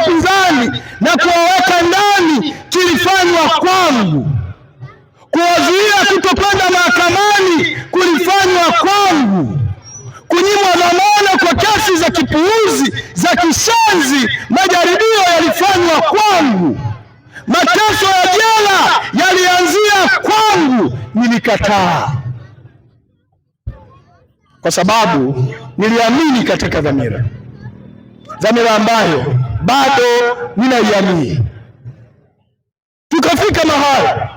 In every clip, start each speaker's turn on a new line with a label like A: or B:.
A: wapinzani na kuwaweka ndani kilifanywa kwangu, kuwazuia kutokwenda mahakamani kulifanywa kwangu, kunyimwa dhamana kwa kesi za kipuuzi za kishenzi, majaribio yalifanywa kwangu, mateso ya jela yalianzia kwangu. Nilikataa kwa sababu niliamini katika dhamira, dhamira ambayo bado ninaiamini. Tukafika mahali,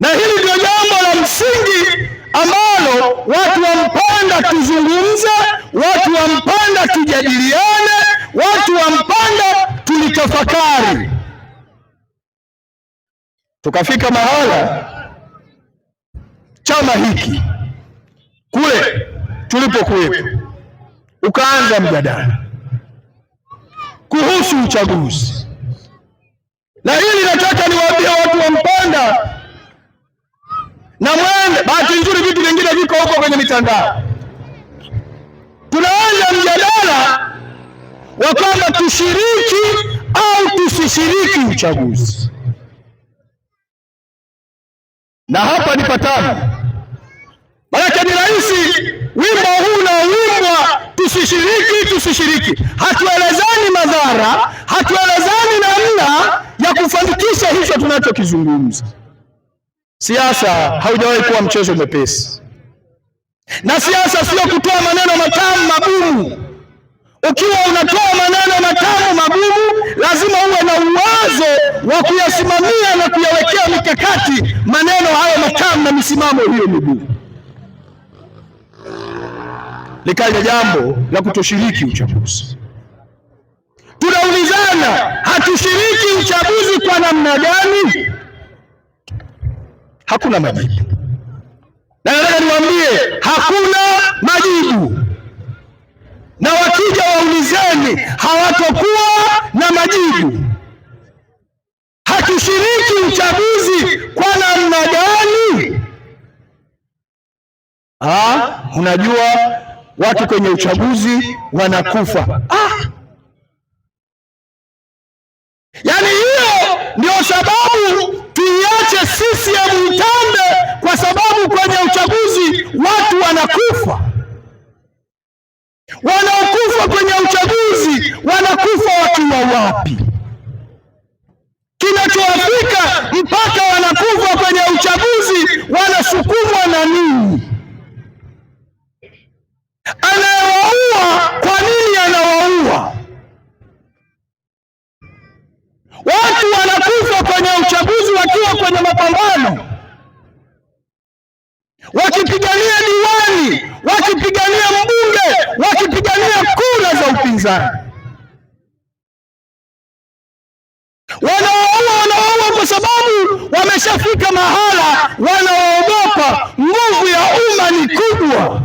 A: na hili ndio jambo la msingi ambalo watu wa Mpanda tuzungumze, watu wa Mpanda tujadiliane, watu wa Mpanda tulitafakari. Tukafika mahala chama hiki kule tulipokuwepo, ukaanza mjadala kuhusu uchaguzi. Na hili nataka niwaambie watu wa Mpanda na mwende. Bahati nzuri vitu vingine viko huko kwenye mitandao. Tunaanza mjadala wa kwamba tushiriki au tusishiriki uchaguzi, na hapa ni patano, maanake ni rahisi wimbo huu Tusishiriki, tusishiriki. Hatuelezani madhara, hatuelezani namna ya kufanikisha hicho tunachokizungumza. Siasa haujawahi kuwa mchezo mwepesi, na siasa sio kutoa maneno matamu magumu. Ukiwa unatoa maneno matamu magumu, lazima uwe na uwezo wa kuyasimamia na kuyawekea mikakati maneno hayo matamu na misimamo hiyo migumu likaja jambo la kutoshiriki uchaguzi. Tunaulizana, hatushiriki uchaguzi kwa namna gani? Hakuna majibu, na nataka niwaambie hakuna majibu, na wakija waulizeni, hawatokuwa na majibu. Hatushiriki uchaguzi kwa namna gani? Ah, unajua watu kwenye uchaguzi wanakufa. Ah, yaani hiyo ndio sababu tuiache CCM itambe, kwa sababu kwenye uchaguzi watu wanakufa. Wanaokufa kwenye uchaguzi wanakufa wakiwa wapi? Kinachoafika mpaka wanakufa kwenye uchaguzi wanasukumwa sana. Wanaoua wanaoua kwa sababu wameshafika mahala wanaogopa. Nguvu ya umma ni kubwa.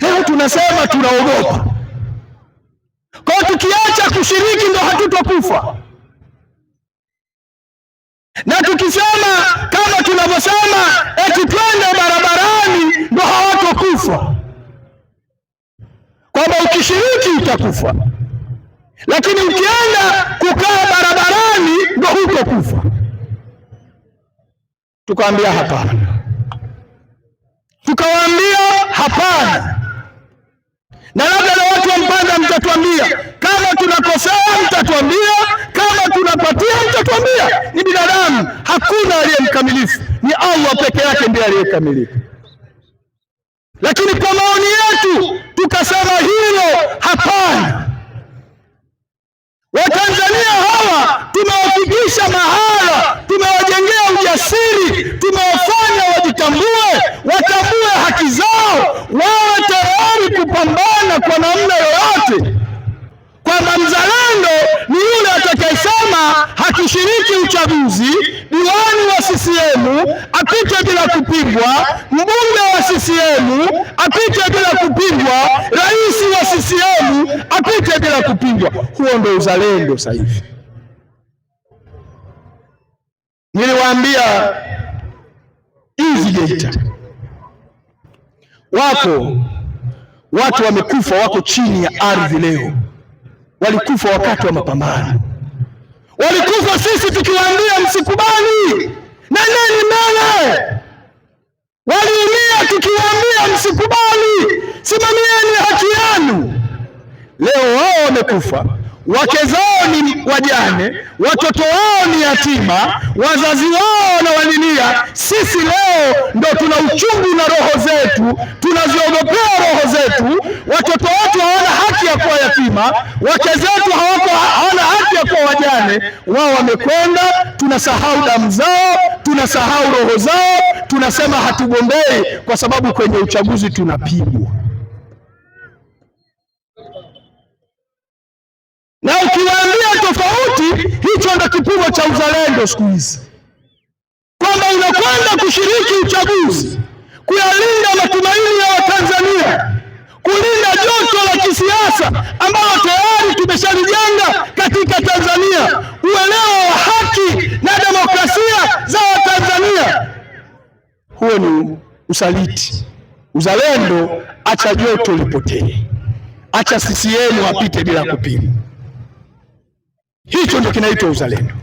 A: Leo tunasema tunaogopa, kwa tukiacha kushiriki ndo hatutokufa na tukisema kama tunavyosema eti twende barabarani kwamba ukishiriki utakufa, lakini ukienda kukaa barabarani ndo hutokufa. Tukawaambia hapana, tukawaambia hapana. Na labda na watu wa Mpanda mtatuambia kama tunakosea, mtatuambia kama tunapatia, mtatuambia. Ni binadamu, hakuna aliye mkamilifu, ni Allah peke yake ndiye aliyekamilika. Lakini kwa maoni yetu tukasema hilo hapana. Watanzania hawa tumewafikisha mahala, tumewajengea ujasiri, tumewafanya wajitambue, watambue haki zao, wawe tayari kupambana kwa namna yoyote, kwamba mzalendo ni yule atakayesema hatushiriki uchaguzi, diwani wa CCM apite bila kupingwa, mbunge wa CCM apite bila kupingwa, rais wa CCM apite bila kupingwa. Huo ndio uzalendo. Sasa hivi niliwaambia hizi Geita wako watu wamekufa, wako chini ya ardhi leo, walikufa wakati wa mapambano, walikufa sisi tukiwaambia msikubali na nani mbele. Waliumia tukiwaambia msikubali, simamieni haki yenu. Leo wao wamekufa, wake zao ni wajane, watoto wao ni yatima, wazazi wao wanawalilia. Sisi leo ndo tuna uchungu na roho zetu, tunaziogopea roho zetu. Watoto wetu hawana haki ya kuwa yatima, wake zetu hawana haki ya kuwa wajane. Wao wamekwenda, tunasahau damu zao, tunasahau roho zao, tunasema hatugombei kwa sababu kwenye uchaguzi tunapigwa. Na ukiwaambia tofauti, hicho ndo kipimo cha uzalendo siku hizi, kwamba unakwenda kushiriki uchaguzi kuyalinda matumaini ya Watanzania, kulinda joto la kisiasa ambalo tayari tumeshalijenga katika Tanzania. huo ni usaliti. Uzalendo, acha joto lipotee, acha CCM wapite bila kupima. Hicho ndio kinaitwa uzalendo.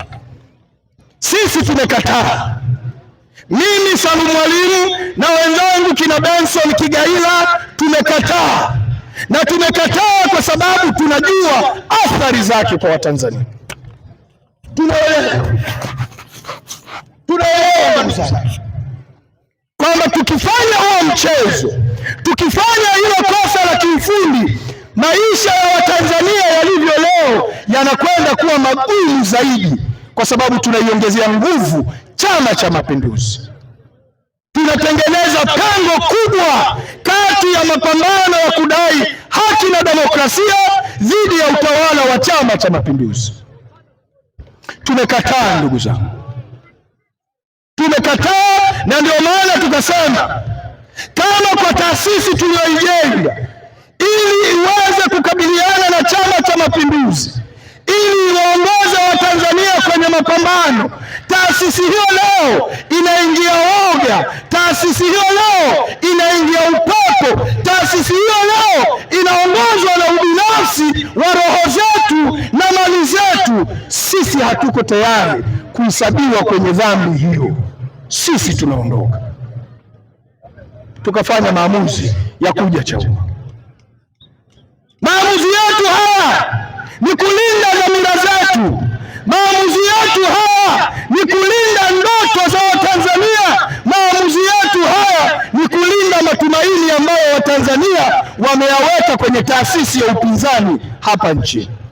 A: Sisi tumekataa, mimi Salum Mwalimu na wenzangu kina Benson Kigaila tumekataa, na tumekataa kwa sababu tunajua athari zake kwa Watanzania. Tunaelewa, tunaelewa ndugu zangu kwamba tukifanya huo mchezo, tukifanya hilo kosa la kiufundi, maisha ya Watanzania yalivyo leo yanakwenda kuwa magumu zaidi, kwa sababu tunaiongezea nguvu Chama cha Mapinduzi. Tunatengeneza pango kubwa kati ya mapambano ya kudai haki na demokrasia dhidi ya utawala wa Chama cha Mapinduzi. Tumekataa ndugu zangu, tumekataa na ndio maana tukasema kama kwa taasisi tuliyoijenga ili iweze kukabiliana na Chama cha Mapinduzi, ili iwaongoze Watanzania kwenye mapambano, taasisi hiyo leo inaingia woga, taasisi hiyo leo inaingia upepo, taasisi hiyo leo inaongozwa na ubinafsi wa roho zetu na mali zetu. Sisi hatuko tayari kuhesabiwa kwenye dhambi hiyo sisi tunaondoka, tukafanya maamuzi ya kuja Chauma. Maamuzi yetu haya ni kulinda dhamira zetu, maamuzi yetu haya ni kulinda ndoto za Watanzania, maamuzi yetu haya ni kulinda matumaini ambayo Watanzania wameyaweka kwenye taasisi ya upinzani hapa nchini.